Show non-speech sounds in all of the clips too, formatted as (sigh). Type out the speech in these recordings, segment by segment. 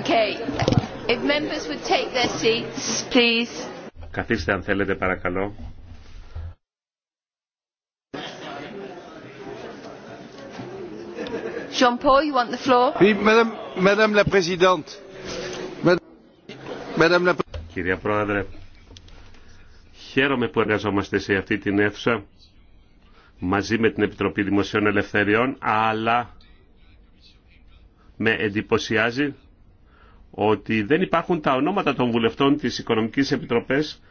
Okay. If members would take their seats, please. Καθίστε αν θέλετε παρακαλώ. Jean-Paul, you want the floor? Oui, madame, madame la présidente. Madame, la... Κυρία Πρόεδρε, χαίρομαι που εργαζόμαστε σε αυτή την αίθουσα μαζί με την Επιτροπή Δημοσίων Ελευθεριών, αλλά με εντυπωσιάζει ότι δεν υπάρχουν τα ονόματα των βουλευτών της Οικονομικής Επιτροπής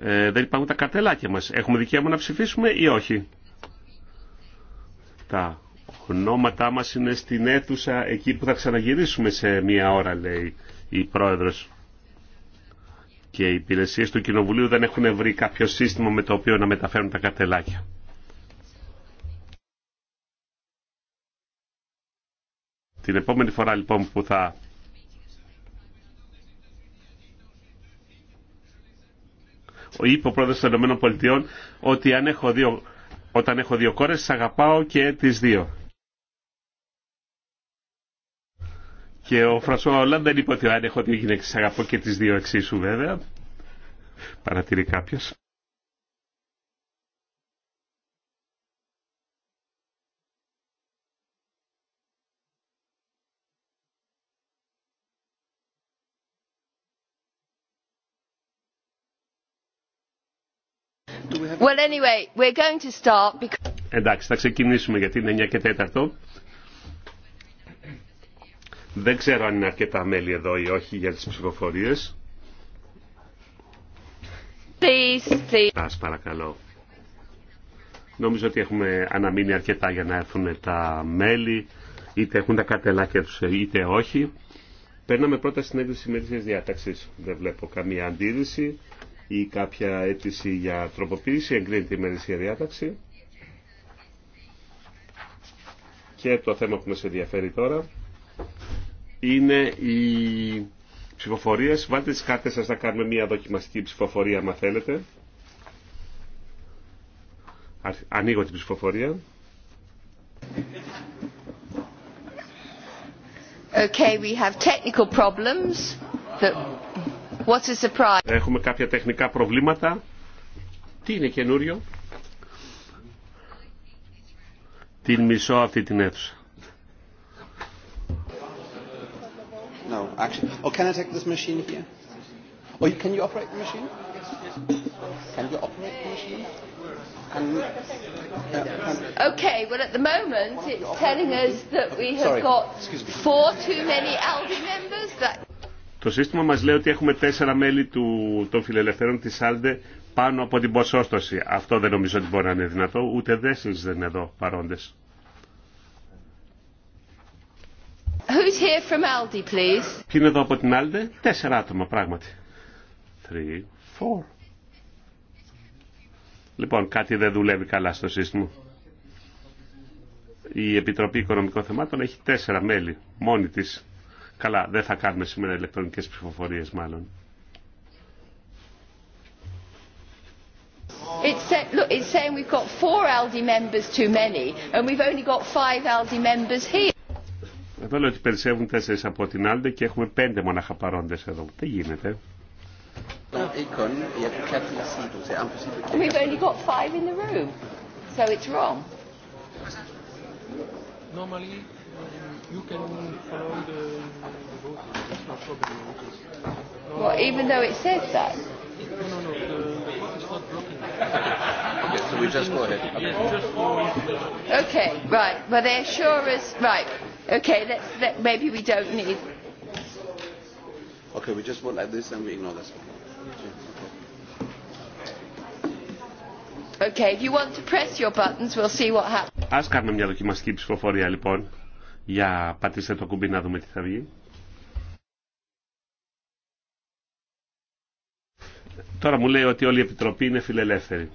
ε, δεν υπάρχουν τα καρτελάκια μας. Έχουμε δικαίωμα να ψηφίσουμε ή όχι. Τα ονόματά μας είναι στην αίθουσα εκεί που θα ξαναγυρίσουμε σε μία ώρα, λέει η πρόεδρος. Και οι υπηρεσίες του Κοινοβουλίου δεν έχουν βρει κάποιο σύστημα με το οποίο να μεταφέρουν τα καρτελάκια. Την επόμενη φορά λοιπόν που θα είπε ο πρόεδρος των Ηνωμένων Πολιτειών ότι αν έχω δύο, όταν έχω δύο κόρες αγαπάω και τις δύο. Και ο Φρασό Ολάν δεν είπε ότι αν έχω δύο γυναίκες τις αγαπώ και τις δύο εξίσου βέβαια. Παρατηρεί κάποιος. Well, anyway, we're going to start Εντάξει, θα ξεκινήσουμε γιατί είναι 9 και 4. Δεν ξέρω αν είναι αρκετά μέλη εδώ ή όχι για τις ψηφοφορίες. Please, παρακαλώ. Νομίζω ότι έχουμε αναμείνει αρκετά για να έρθουν τα μέλη, είτε έχουν τα καρτελάκια τους είτε όχι. Παίρναμε πρώτα στην έγκριση μερικές διάταξη. Δεν βλέπω καμία αντίρρηση ή κάποια αίτηση για τροποποίηση, εγκρίνεται η μερίσια διάταξη. Και το θέμα που μας ενδιαφέρει τώρα είναι η ψηφοφορία. Βάλτε τις κάρτες σας να κάνουμε μια δοκιμαστική ψηφοφορία, αν θέλετε. Ανοίγω την ψηφοφορία. Okay, we have technical problems that What's the Έχουμε κάποια τεχνικά προβλήματα. Τι είναι καινούριο. Την μισώ αυτή την αίθουσα. No, actually. Oh, can I take this machine here? Oh, can you operate the machine? Can you operate the machine? uh, Okay, well at the moment it's telling us that we have got four too many ALDE members. That το σύστημα μας λέει ότι έχουμε τέσσερα μέλη του, των φιλελευθέρων της Άλντε πάνω από την ποσόστοση. Αυτό δεν νομίζω ότι μπορεί να είναι δυνατό, ούτε δέσεις δεν είναι εδώ παρόντες. Who's Ποιοι είναι εδώ από την Άλντε, τέσσερα άτομα πράγματι. Three, four. Λοιπόν, κάτι δεν δουλεύει καλά στο σύστημα. Η Επιτροπή Οικονομικών Θεμάτων έχει τέσσερα μέλη μόνη της. Καλά, δεν θα κάνουμε σήμερα ηλεκτρονικές ψηφοφορίες μάλλον. It's, look, it's saying we've got four Aldi members too many and we've only got five Aldi members here. Εδώ λέω ότι περισσεύουν τέσσερις από την Άλντε και έχουμε πέντε μονάχα παρόντες εδώ. Τι γίνεται. We've only got five in the room, so it's wrong. Normally you can follow the, the voting. It's no problem. Well, even though it says that. No, no, no. The, the vote is not blocking. okay, so we just go ahead. Okay. okay, right. Well, they're sure as right. Okay, let's. Let, maybe we don't need. Okay, we just vote like this and we ignore this one. Okay, if you want to press your buttons, we'll see what happens. Ας κάνουμε μια δοκιμαστική ψηφοφορία λοιπόν. Για πατήστε το κουμπί να δούμε τι θα βγει. Τώρα μου λέει ότι όλη η Επιτροπή είναι φιλελεύθερη.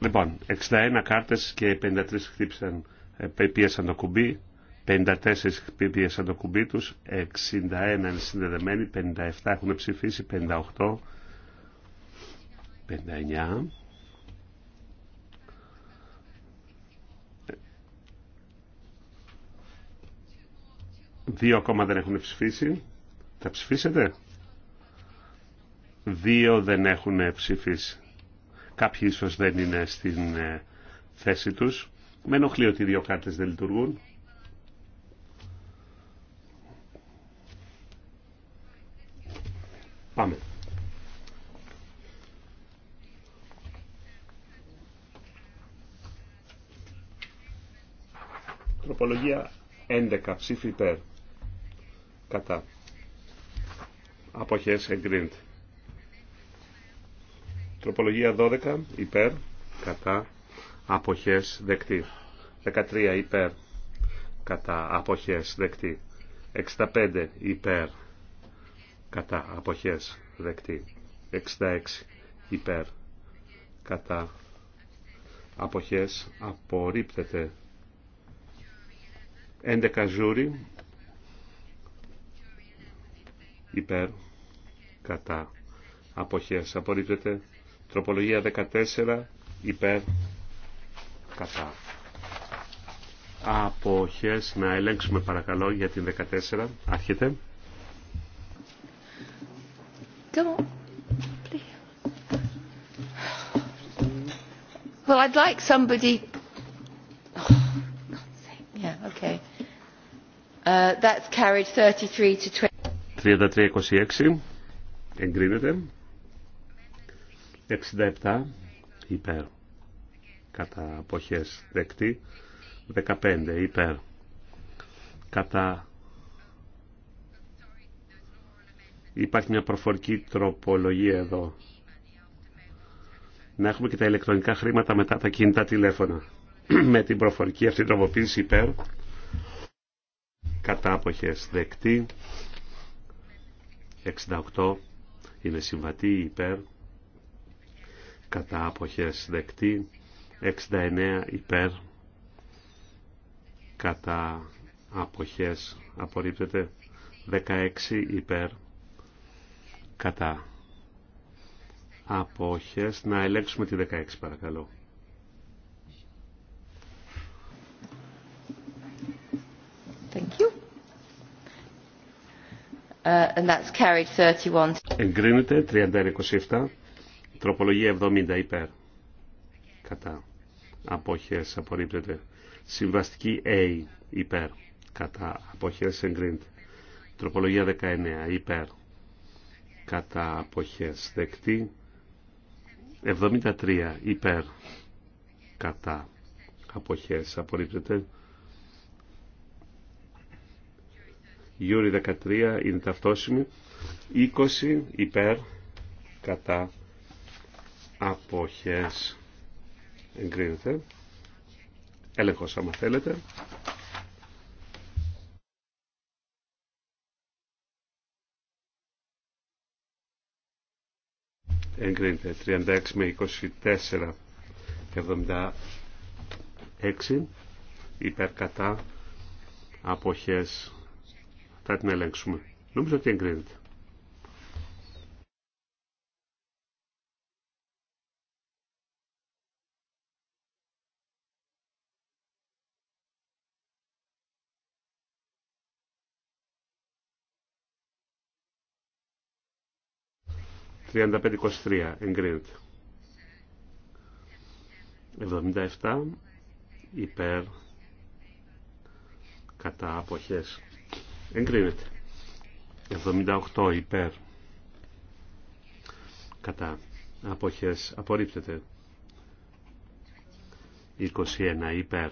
Λοιπόν, 61 κάρτες και 53 χτύπησαν, ε, πίεσαν το κουμπί, 54 πίεσαν το κουμπί τους, 61 είναι συνδεδεμένοι, 57 έχουν ψηφίσει, 58 59 Δύο ακόμα δεν έχουν ψηφίσει. Θα ψηφίσετε. Δύο δεν έχουν ψηφίσει. Κάποιοι ίσως δεν είναι στην ε, θέση τους. Με ενοχλεί ότι οι δύο κάρτες δεν λειτουργούν. Πάμε. Τροπολογία 11. Ψήφι υπέρ. Κατά. Αποχές εγκρίντ Τροπολογία 12. Υπέρ. Κατά. Αποχές δεκτή. 13. Υπέρ. Κατά. Αποχές δεκτή. 65. Υπέρ. Κατά. Αποχές δεκτή. 66. Υπέρ. Κατά. Αποχές απορρίπτεται. 11 ζούρι υπέρ κατά αποχές απορρίπτεται τροπολογία 14 υπέρ κατά αποχές να ελέγξουμε παρακαλώ για την 14 άρχεται Well, I'd like somebody... Oh, yeah, okay. Uh, that's 33 26 εγκρίνεται. 67 υπέρ. Κατά αποχές δεκτή. 15 υπέρ. Κατά Υπάρχει μια προφορική τροπολογία εδώ. Να έχουμε και τα ηλεκτρονικά χρήματα μετά τα κινητά τηλέφωνα. (clears throat) Με την προφορική αυτή τροποποίηση υπέρ κατά αποχές δεκτή 68 είναι συμβατή υπέρ κατά αποχές δεκτή 69 υπέρ κατά αποχές απορρίπτεται 16 υπέρ κατά αποχές να ελέγξουμε τη 16 παρακαλώ Uh, and that's carried 31. Εγκρίνεται 31-27, τροπολογία 70 υπέρ. Κατά. Απόχες απορρίπτεται. Συμβαστική A υπέρ. Κατά. Απόχες εγκρίνεται. Τροπολογία 19 υπέρ. Κατά. Απόχες δεκτή. 73 υπέρ. Κατά. Απόχες απορρίπτεται. Γιούρι 13 είναι ταυτόσιμη. 20 υπέρ κατά αποχές εγκρίνεται. Έλεγχος άμα θέλετε. Εγκρίνεται 36 με 24 76 υπερ κατά αποχές θα την ελέγξουμε. Νομίζω ότι εγκρίνεται. «35-23» εγκρίνεται. 77 υπέρ κατά αποχές εγκρίνεται 78 υπέρ κατά αποχές απορρίπτεται 21 υπέρ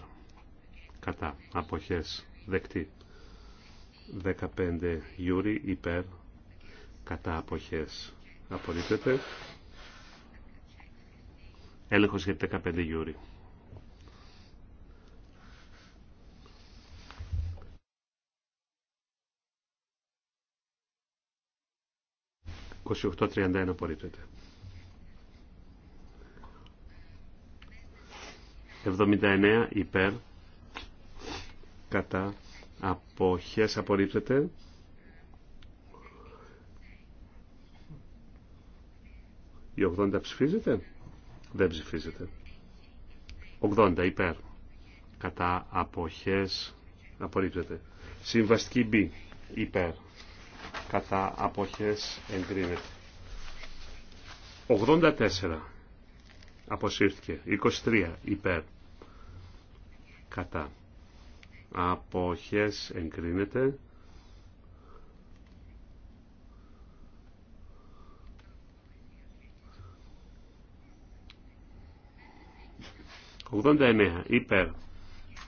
κατά αποχές δεκτή 15 γιούρι υπέρ κατά αποχές απορρίπτεται έλεγχος για 15 γιούρι 28-31 απορρίπτεται. 79 υπέρ κατά αποχές απορρίπτεται. Η 80 ψηφίζεται. Δεν ψηφίζεται. 80 υπέρ κατά αποχές απορρίπτεται. Συμβαστική B υπέρ κατά αποχές εγκρίνεται. 84 αποσύρθηκε. 23 υπέρ κατά αποχές εγκρίνεται. Ογδόντα υπέρ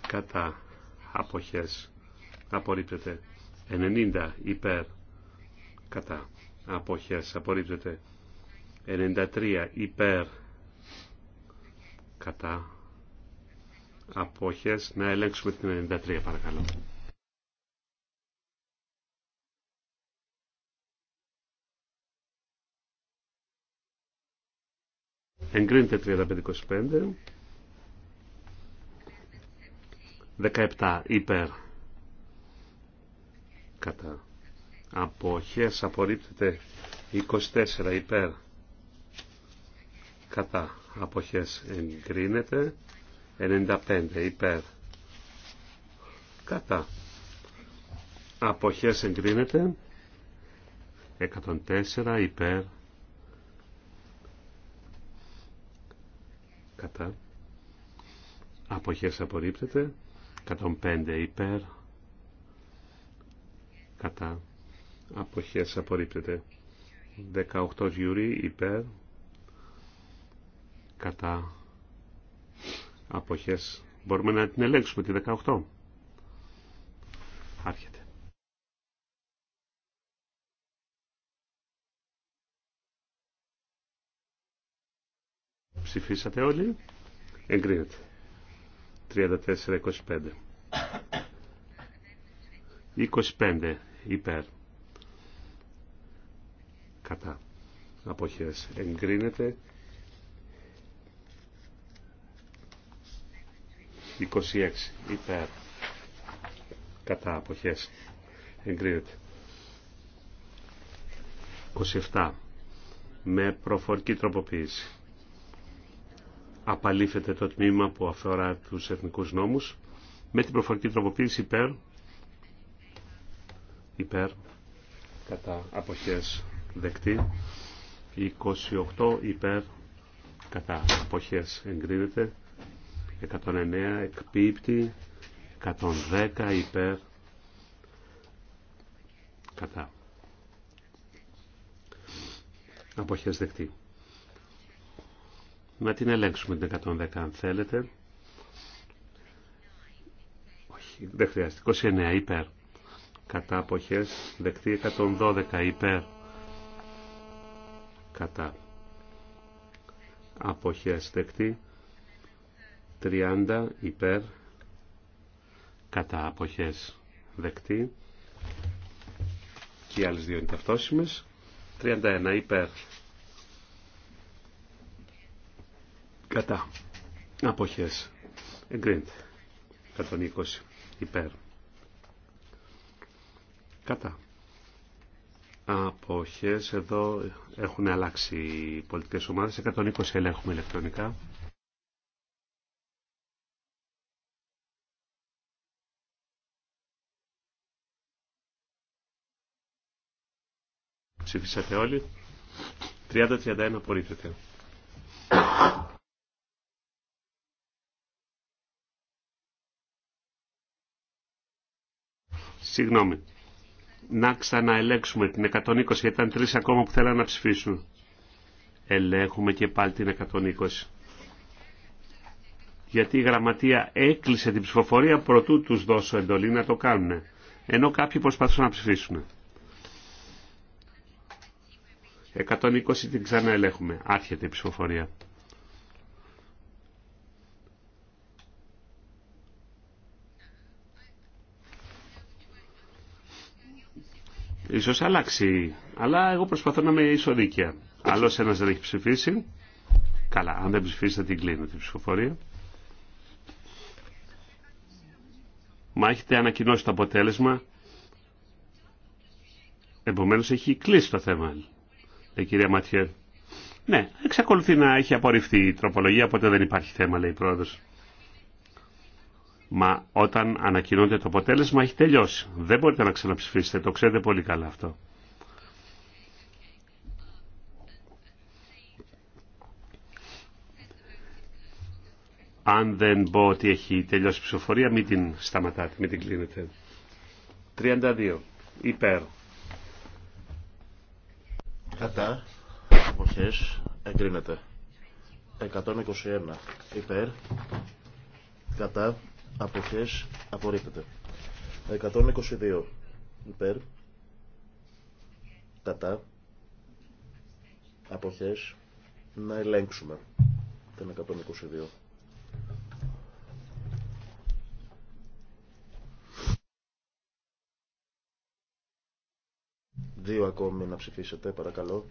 κατά αποχές απορρίπτεται. 90 υπέρ κατά αποχές απορρίπτεται 93 υπέρ κατά αποχές να ελέγξουμε την 93 παρακαλώ εγκρίνεται 17 υπέρ κατά αποχές απορρίπτεται 24 υπέρ κατά αποχές εγκρίνεται 95 υπέρ κατά αποχές εγκρίνεται 104 υπέρ κατά αποχές απορρίπτεται 105 υπέρ κατά αποχές απορρίπτεται 18 γιουρί υπέρ κατά αποχές μπορούμε να την ελέγξουμε τη 18 άρχεται ψηφίσατε όλοι εγκρίνεται 34-25 25 υπέρ κατά αποχές εγκρίνεται 26 υπέρ κατά αποχές εγκρίνεται 27 με προφορική τροποποίηση απαλήφεται το τμήμα που αφορά τους εθνικούς νόμους με την προφορική τροποποίηση υπέρ υπέρ κατά αποχές δεκτή 28 υπέρ κατά αποχές εγκρίνεται 109 εκπίπτει 110 υπέρ κατά αποχές δεκτή να την ελέγξουμε την 110 αν θέλετε όχι δεν χρειάζεται 29 υπέρ κατά αποχές δεκτή 112 υπέρ κατά αποχές δεκτή 30 υπέρ κατά αποχές δεκτή και οι άλλες δύο είναι ταυτόσιμες 31 υπέρ κατά αποχές εγκρίνεται 120 υπέρ κατά αποχές εδώ έχουν αλλάξει οι πολιτικές ομάδες 120 ελέγχουμε ηλεκτρονικά ψηφίσατε όλοι 30-31 απορρίπτεται Συγγνώμη να ξαναελέξουμε την 120 γιατί ήταν τρεις ακόμα που θέλαν να ψηφίσουν. Ελέγχουμε και πάλι την 120. Γιατί η γραμματεία έκλεισε την ψηφοφορία προτού τους δώσω εντολή να το κάνουν. Ενώ κάποιοι προσπαθούν να ψηφίσουν. 120 την ξαναελέγχουμε. Άρχεται η ψηφοφορία. Ίσως αλλάξει, αλλά εγώ προσπαθώ να είμαι ισοδίκαια. Άλλο ένα δεν έχει ψηφίσει. Καλά, αν δεν ψηφίσει θα την κλείνω την ψηφοφορία. Μα έχετε ανακοινώσει το αποτέλεσμα. Επομένω έχει κλείσει το θέμα. Λέει κυρία Ματιέ. Ναι, εξακολουθεί να έχει απορριφθεί η τροπολογία, οπότε δεν υπάρχει θέμα, λέει η πρόεδρος. Μα όταν ανακοινώνεται το αποτέλεσμα έχει τελειώσει. Δεν μπορείτε να ξαναψηφίσετε, το ξέρετε πολύ καλά αυτό. Αν δεν πω ότι έχει τελειώσει η ψηφοφορία, μην την σταματάτε, μην την κλείνετε. 32. Υπέρ. Κατά. Αποχές. Εγκρίνεται. 121. Υπέρ. Κατά αποχές απορρίπτεται 122 υπέρ κατά αποχές να ελέγξουμε την 122 Δύο ακόμη να ψηφίσετε, παρακαλώ.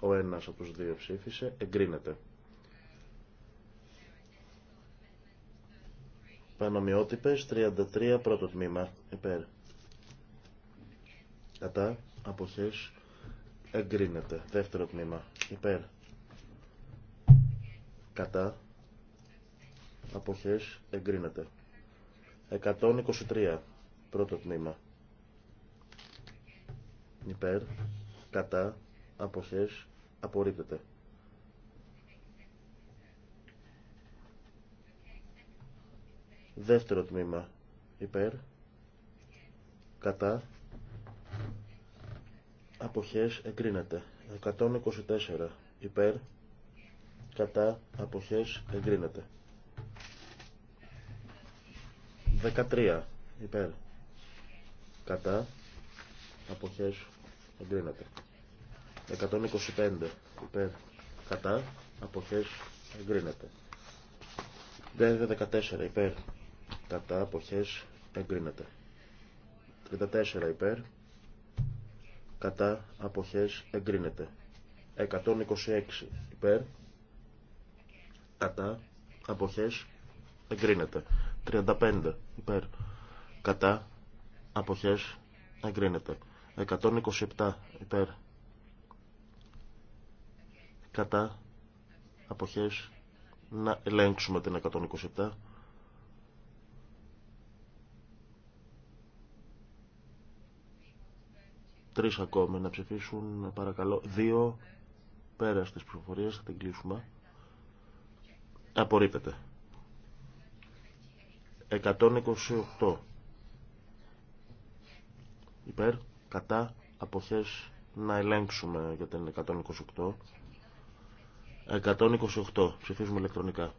Ο ένας από τους δύο ψήφισε, εγκρίνεται. Πανομοιότυπες 33 πρώτο τμήμα υπέρ. Κατά αποχές εγκρίνεται. Δεύτερο τμήμα υπέρ. Κατά αποχές εγκρίνεται. 123 πρώτο τμήμα υπέρ. Κατά αποχές απορρίπτεται. Δεύτερο τμήμα. Υπέρ. Κατά. Αποχές εγκρίνεται. 124. Υπέρ. Κατά. Αποχές εγκρίνεται. 13. Υπέρ. Κατά. Αποχές εγκρίνεται. 125. Υπέρ. Κατά. Αποχές εγκρίνεται. 14. Υπέρ κατά αποχές εγκρίνεται 34 υπέρ κατά αποχές εγκρίνεται 126 υπέρ κατά αποχές εγκρίνεται 35 υπέρ κατά αποχές εγκρίνεται 127 υπέρ κατά αποχές να ελέγξουμε την 127 Τρει ακόμη να ψηφίσουν, παρακαλώ. Δύο πέρα στις ψηφοφορίες, θα την κλείσουμε. Απορρίπτεται. 128. Υπέρ, κατά, αποχές, να ελέγξουμε για την 128. 128. Ψηφίζουμε ηλεκτρονικά.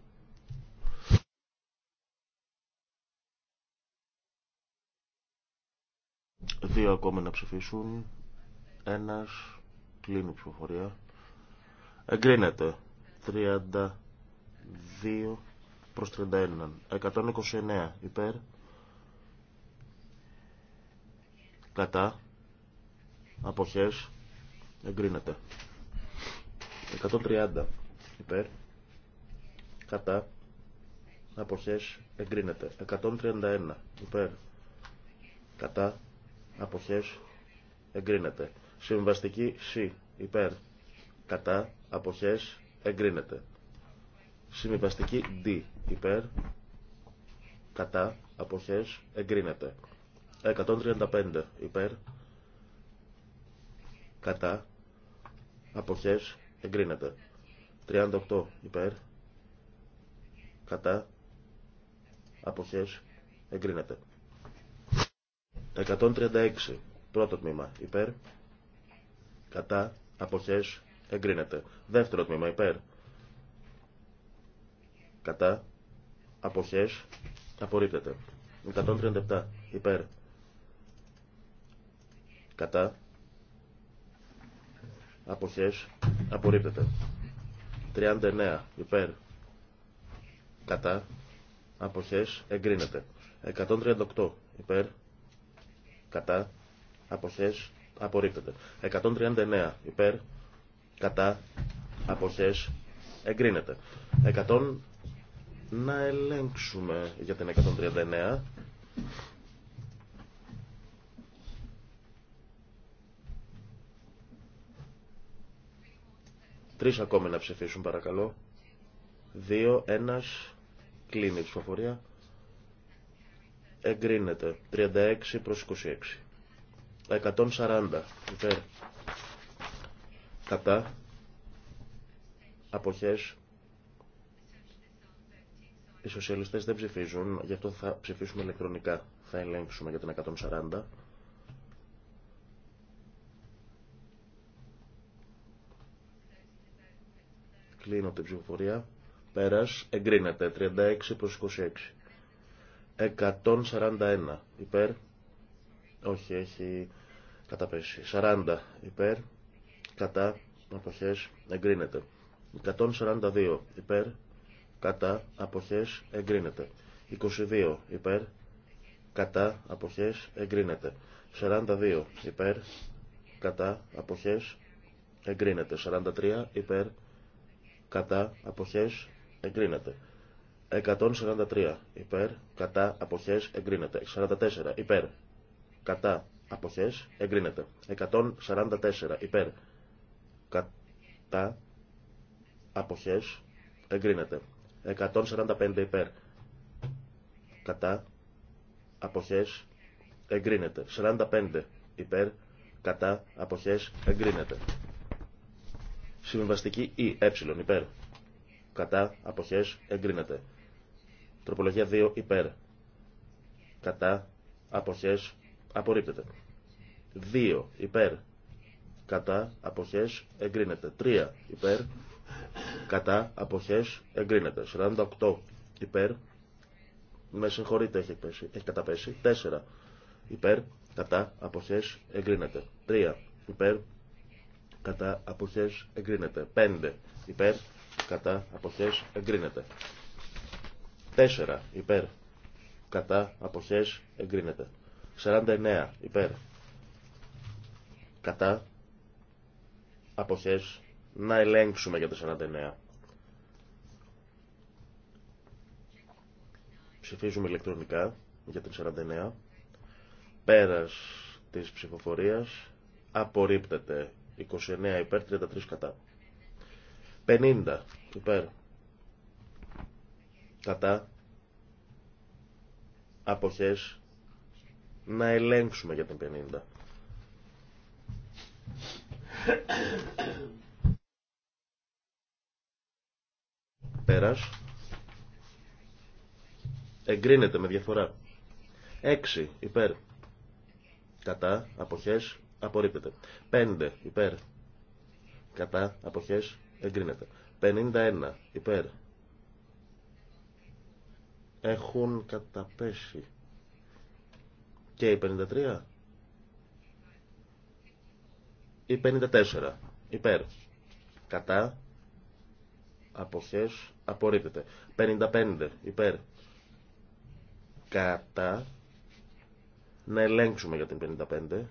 Δύο ακόμη να ψηφίσουν. Ένα, κλείνει ψηφοφορία. Εγκρίνεται. 32 προς 31. 129 υπέρ. Κατά. Αποχές. Εγκρίνεται. 130 υπέρ. Κατά. Αποχές. Εγκρίνεται. 131 υπέρ. Κατά αποχές εγκρίνεται. Συμβαστική C υπέρ κατά αποχές εγκρίνεται. Συμβαστική D υπέρ κατά αποχές εγκρίνεται. 135 υπέρ κατά αποχές εγκρίνεται. 38 υπέρ κατά αποχές εγκρίνεται. 136. Πρώτο τμήμα υπέρ. Κατά. Αποχές. Εγκρίνεται. Δεύτερο τμήμα υπέρ. Κατά. Αποχές. Απορρίπτεται. 137. Υπέρ. Κατά. Αποχές. Απορρίπτεται. 39. Υπέρ. Κατά. Αποχές. Εγκρίνεται. 138. Υπέρ κατά, αποχές, απορρίπτεται. 139 υπέρ, κατά, απόθέσει εγκρίνεται. 100 να ελέγξουμε για την 139. 3 ακόμη να ψηφίσουν παρακαλώ. Δύο, ένας, κλείνει η ψηφοφορία εγκρίνεται 36 προς 26 140 υπέρ κατά αποχές οι σοσιαλιστές δεν ψηφίζουν γι' αυτό θα ψηφίσουμε ηλεκτρονικά θα ελέγξουμε για την 140 Κλείνω την ψηφοφορία. Πέρας εγκρίνεται 36 προς 26. 141 υπέρ. Όχι, έχει καταπέσει. 40 υπέρ. Κατά. Αποχές. Εγκρίνεται. 142 υπέρ. Κατά. Αποχές. Εγκρίνεται. 22 υπέρ. Κατά. Αποχές. Εγκρίνεται. 42 υπέρ. Κατά. Αποχές. Εγκρίνεται. 43 υπέρ. Κατά. Αποχές. Εγκρίνεται. 143 υπέρ, κατά, αποχές, εγκρίνεται. 44 υπέρ, κατά, αποχές, εγκρίνεται. 144 υπέρ, κατά, αποχές, εγκρίνεται. 145 υπέρ, κατά, αποχές, εγκρίνεται. 45 υπέρ, κατά, αποχές, εγκρίνεται. Συμβαστική ή ε, υπέρ, κατά, αποχές, εγκρίνεται. Τροπολογία 2 υπέρ. Κατά. Αποχές. Απορρίπτεται. 2 υπέρ. Κατά. απόχέ Εγκρίνεται. 3 υπέρ. Κατά. Αποχές. Εγκρίνεται. 48 υπέρ. Με συγχωρείτε έχει, πέσει, έχει καταπέσει. 4 υπέρ. Κατά. Αποχές. Εγκρίνεται. 3 υπέρ. Κατά. Αποχές. Εγκρίνεται. 5 υπέρ. Κατά. Αποχές. Εγκρίνεται. 4 υπέρ κατά αποχές εγκρίνεται. 49 υπέρ κατά αποχές να ελέγξουμε για το 49. Ψηφίζουμε ηλεκτρονικά για την 49. Πέρας της ψηφοφορίας απορρίπτεται 29 υπέρ 33 κατά. 50 υπέρ κατά αποχές να ελέγξουμε για την 50. Πέρας. Εγκρίνεται με διαφορά. 6 υπέρ. Κατά αποχές απορρίπτεται. 5 υπέρ. Κατά αποχές εγκρίνεται. 51 υπέρ έχουν καταπέσει. Και η 53. Η 54. Υπέρ. Κατά. Αποχές. Απορρίπτεται. 55. Υπέρ. Κατά. Να ελέγξουμε για την 55.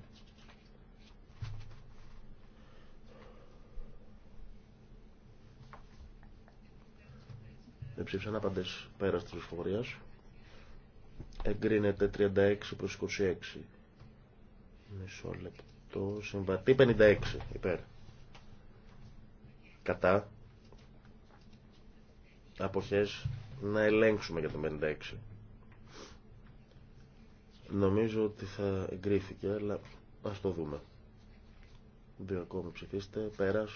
ψήφισαν άπαντες πέρα της ψηφοφορίας. Εγκρίνεται 36 προς 26. Μισό λεπτό. Συμβατή 56 υπέρ. Κατά. Αποχές να ελέγξουμε για το 56. Νομίζω ότι θα εγκρίθηκε, αλλά ας το δούμε. Δύο ακόμη ψηφίστε. Πέρας.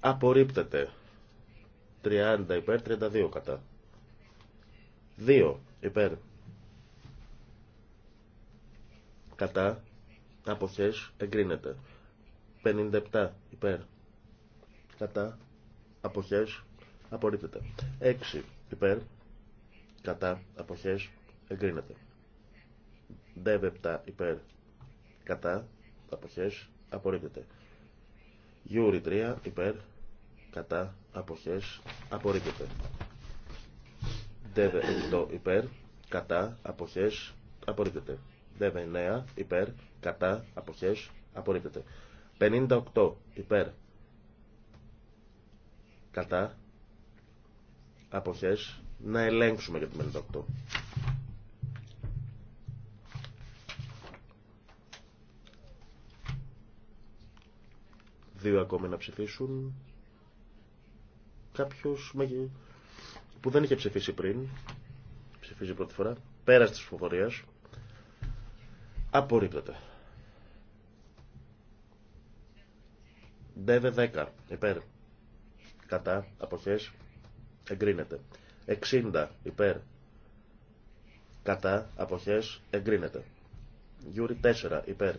Απορρίπτεται. 30 υπέρ, 32 κατά. 2 υπέρ. Κατά. Αποχές. Εγκρίνεται. 57 υπέρ. Κατά. Αποχές. Απορρίπτεται. 6 υπέρ. Κατά. Αποχές. Εγκρίνεται. Δεβεπτά υπέρ. Κατά. Αποχές. Απορρίπτεται. Γιούρι 3 υπέρ. Κατά αποχές απορρίπτεται. Δεύε 8 υπέρ, κατά, αποχές απορρίπτεται. Δεύε 9 υπέρ, κατά, αποχές απορρίπτεται. 58 υπέρ, κατά, αποχές να ελέγξουμε για το 58. Δύο ακόμη να ψηφίσουν κάποιος που δεν είχε ψηφίσει πριν, ψηφίζει πρώτη φορά, πέρας της φοβοριας απορρίπτεται. Ντεβε 10, υπέρ, κατά, αποχές, εγκρίνεται. 60, υπέρ, κατά, αποχές, εγκρίνεται. Γιούρι 4, υπέρ,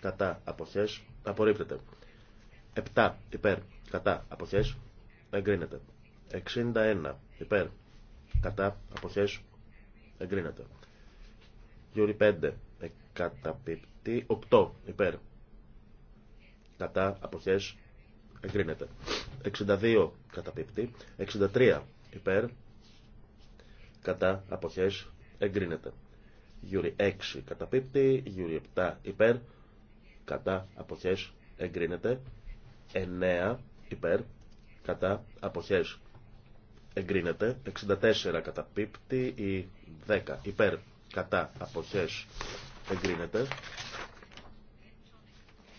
κατά, αποχές, απορρίπτεται. 7, υπέρ, κατά, αποχές, εγκρίνεται. 61 υπέρ κατά αποχές εγκρίνεται. Γιούρι 5 Εκαταπιπτή. 8 υπέρ κατά αποχές εγκρίνεται. 62 Καταπιπτή. 63 υπέρ κατά αποχές εγκρίνεται. Γιούρι 6 Καταπίπτη. Γιούρι 7 υπέρ κατά αποχές εγκρίνεται. 9 υπέρ κατά αποχές εγκρίνεται 64 κατά πίπτη ή 10 υπέρ κατά αποχές εγκρίνεται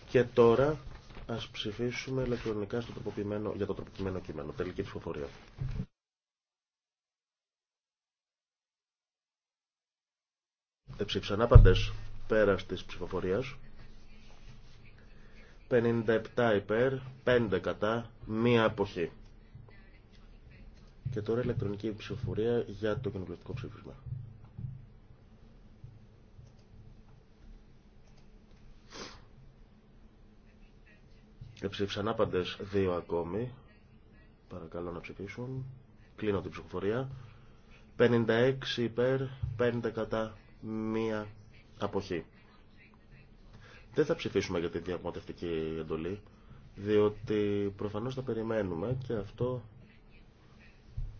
και τώρα ας ψηφίσουμε ηλεκτρονικά στο τροποποιημένο, για το τροποποιημένο κείμενο τελική ψηφοφορία Εψήψαν άπαντες πέρας της ψηφοφορίας 57 υπέρ, 5 κατά, μία αποχή. Και τώρα ηλεκτρονική ψηφοφορία για το κοινοβουλευτικό ψήφισμα. Εψήφισαν άπαντες δύο ακόμη. Παρακαλώ να ψηφίσουν. Κλείνω την ψηφοφορία. 56 υπέρ, 5 κατά, μία αποχή. Δεν θα ψηφίσουμε για τη διαπραγματευτική εντολή, διότι προφανώς θα περιμένουμε και αυτό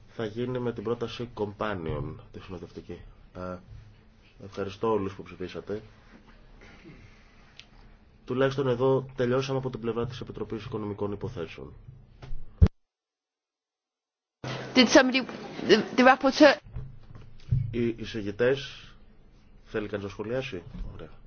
θα γίνει με την πρόταση κομπάνιων τη συνοδευτική. Ε, ευχαριστώ όλους που ψηφίσατε. Τουλάχιστον εδώ τελειώσαμε από την πλευρά της Επιτροπής Οικονομικών Υποθέσεων. Οι εισηγητές θέλει κανείς να σχολιάσει. Ωραία.